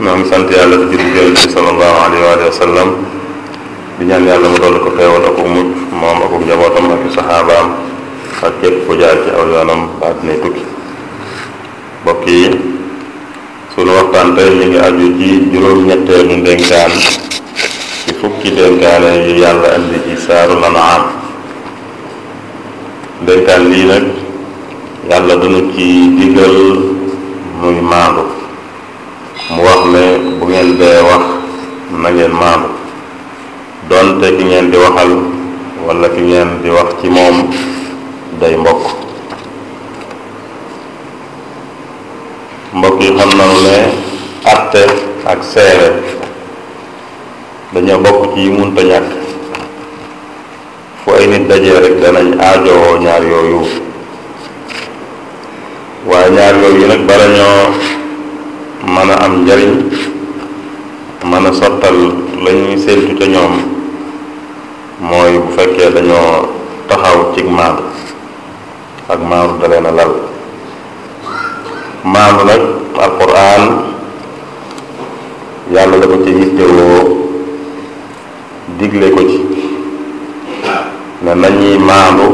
noo ngi sant yàlla di julli jël bi sallallahu wa sallam di ñaan yàlla mu dolli ko xeewal ak mucc moom ak njabootam ak saxaabaam ak képp ku ci aw yoonam ba tukki mbokk yi sunu waxtaan tey mi ngi aju ci juróom-ñetteelu ndénkaan ci fukki dénkaane yu yàlla indi ci saarul An'aam ndénkaan lii nag yàlla dañu ci digal muy maandu mu wax ne bu ngeen dee wax na ngeen maanu donte ki ngeen di waxal wala ki ngeen di wax ci moom day mbokk mbokk yi xam nanu ne atte ak seere dañoo bokk ci yi munta ñàkk fu ay nit dajee rek danañ aajowoo ñaar yooyu waaye ñaar yooyu nag bara ñoo mën a am njariñ mën a sottal la ñuy ca ñoom mooy bu fekkee dañoo taxaw cig maandu ak maandu da leen a lal maandu nag alquran yàlla da ko ci yittewoo digle ko ci ne nañuy maandu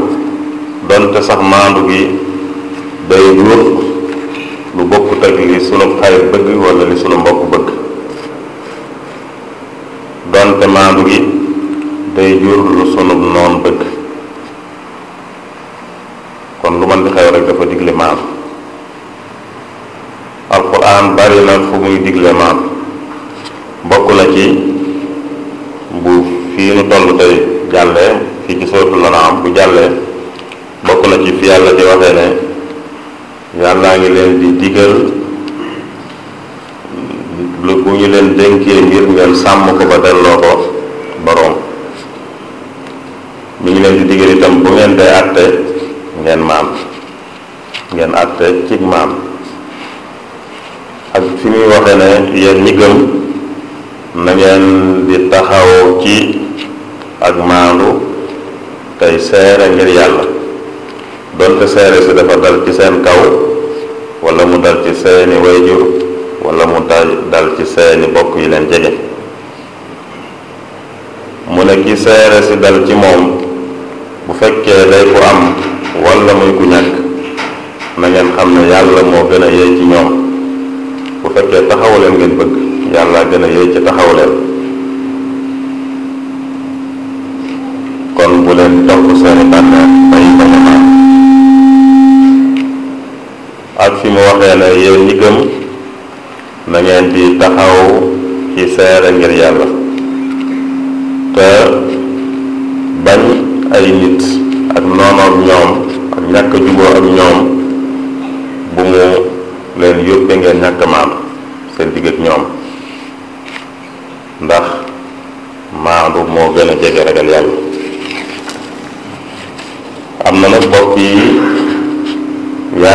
donte sax maandu gi day góor lu bokkut ak li sunu xarit bëgg wala li sunu mbokk bëgg donte maandu gi day jur lu sunu noon bëgg kon lu man di xew rek dafa digle maandu alquran bari fu muy digle maandu bokk na ci bu fii nu tey jàllee fii ci suratul An'am bu jàllee bokk na ci fi yàlla di waxee ne yàllaa ngi leen di digal lu bu ñu leen dénkee ngir ngeen sàmm ko ba delloo ko borom mi ngi leen di digal itam bu ngeen day àtte ngeen maam ngeen àtte ci maam ak fi muy waxe ne yéen ñi gëm na ngeen di taxaw ci ak maandu tey seere ngir yàlla doonte seere si dafa dal ci seen kaw mu dal ci seeni wayjur wala mu dal ci seeni bokk yi leen jege mu ne ki seere si dal ci moom bu fekkee day ku am wala muy ku ñàkk na xam ne yàlla moo gën a yey ci ñoom bu fekkee taxaw leen ngeen bëgg yàlla gën a yey ci taxaw kon bu leen topp seeni borom nee na yéen ñi gëm di taxaw ci seere ngir yàlla te bañ ay nit ak noonoog ñoom ak ñàkk juboo ak ñoom bu mu leen yóbbee ngeen ñàkk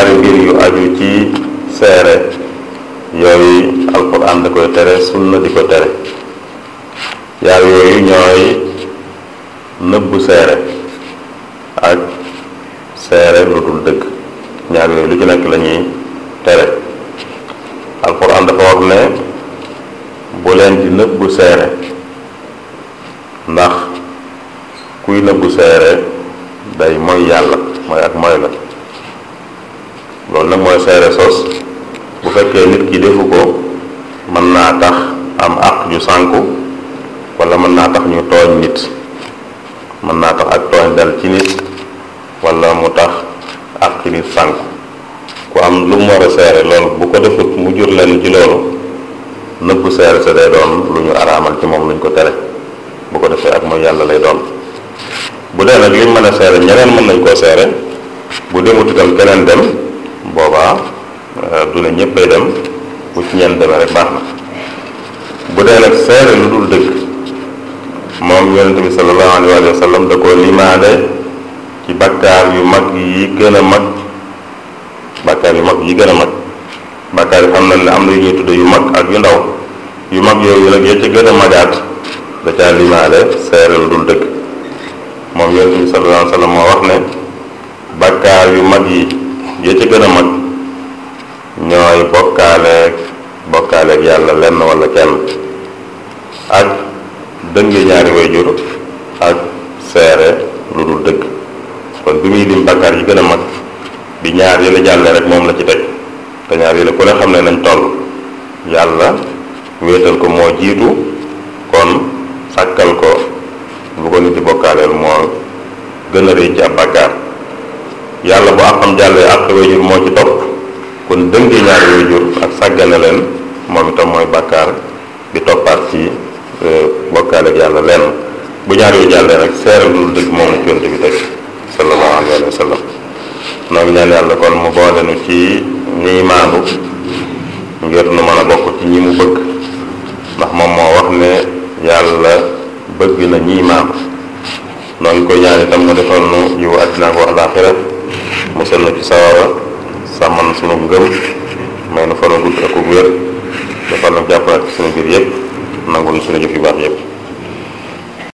ñaari mbir yu aju ci seere yooyu alquran da koy tere sunna di ko tere yaar yooyu ñooy nëbbu seere ak seere lu dul dëgg ñaar yooyu lu ci nekk la tere alquran dafa wax ne bu leen di nëbbu seere ndax kuy nëbbu seere day mooy yàlla mooy ak mooy la loolu nag mooy seere sos bu fekkee nit ki defu ko mën naa tax am ak ñu sànku wala mën naa tax ñu tooñ nit mën naa tax ak tooñ dal ci nit wala mu tax ci nit sànku ku am lu mu war a seere loolu bu ko defut mu jur leen ci loolu nëbb seere sa day doon lu ñu araamal ci moom luñ ko tere bu ko defee ak mooy yàlla lay doon bu dee nag li mën a seere ñeneen mën nañ koo seere bu demut itam keneen dem boobaa euh, du ne ñëppay dem bu ci ñenn demee rek baax na bu dee nag seere lu dul dëgg moom yonent bi sallallahu alayhi wa sallam da koo limaale ci bakkaar yu mag yi gën a mag bakkaar yu mag yi gën a mag bakkaar yi xam nañ ne am na yu ñuy tudde yu mag ak yu ndaw yu mag yooyu nag ya ca gën a magaat da caa limaale seere lu dul dëgg moom yonent bi sallallahu alayhi moo wax ne bakkaar yu mag yi ja ca gën a mag ñooy bokkaaleeg bokkaaleeg yàlla lenn wala kenn ak dënge ñaari way wayjur ak seere lu dul dëgg kon bi muy lim bakkar yi gëna mag bi ñaar yi la jàllee rek moom la ci teg te ñaar yi la ku ne xam ne nañ toll yàlla wéetal ko moo jiitu kon sàkkal ko bu ko nit di bokkaaleel moo gën a rëy ci ab bakkaar yàlla bu àqam jàllee àq wayjur moo ci topp kon dënge ñaari wayjur ak sàggane leen moom itam mooy bàkkaar bi toppaat ci e, bokkaale ak yàlla lenn bu ñaar yu jàllee rek seere lu dëgg moomu ci yonte bi teg sallallahu alayhi wa sallam noo ngi ñaan yàlla kon mu boole nu ci ñiy maandu ngir nu mën a bokk ci ñi mu bëgg ndax moom moo wax ne yàlla bëgg na ñiy maandu noo koy ñaan itam mu defal nu yiwu àddina ak àllaaxira musal na ci sawara sàmmal na sunu ngëm may na fan gudd ak wér defal na jàppal ci sunu biir yëpp nangul na sunu baax yëpp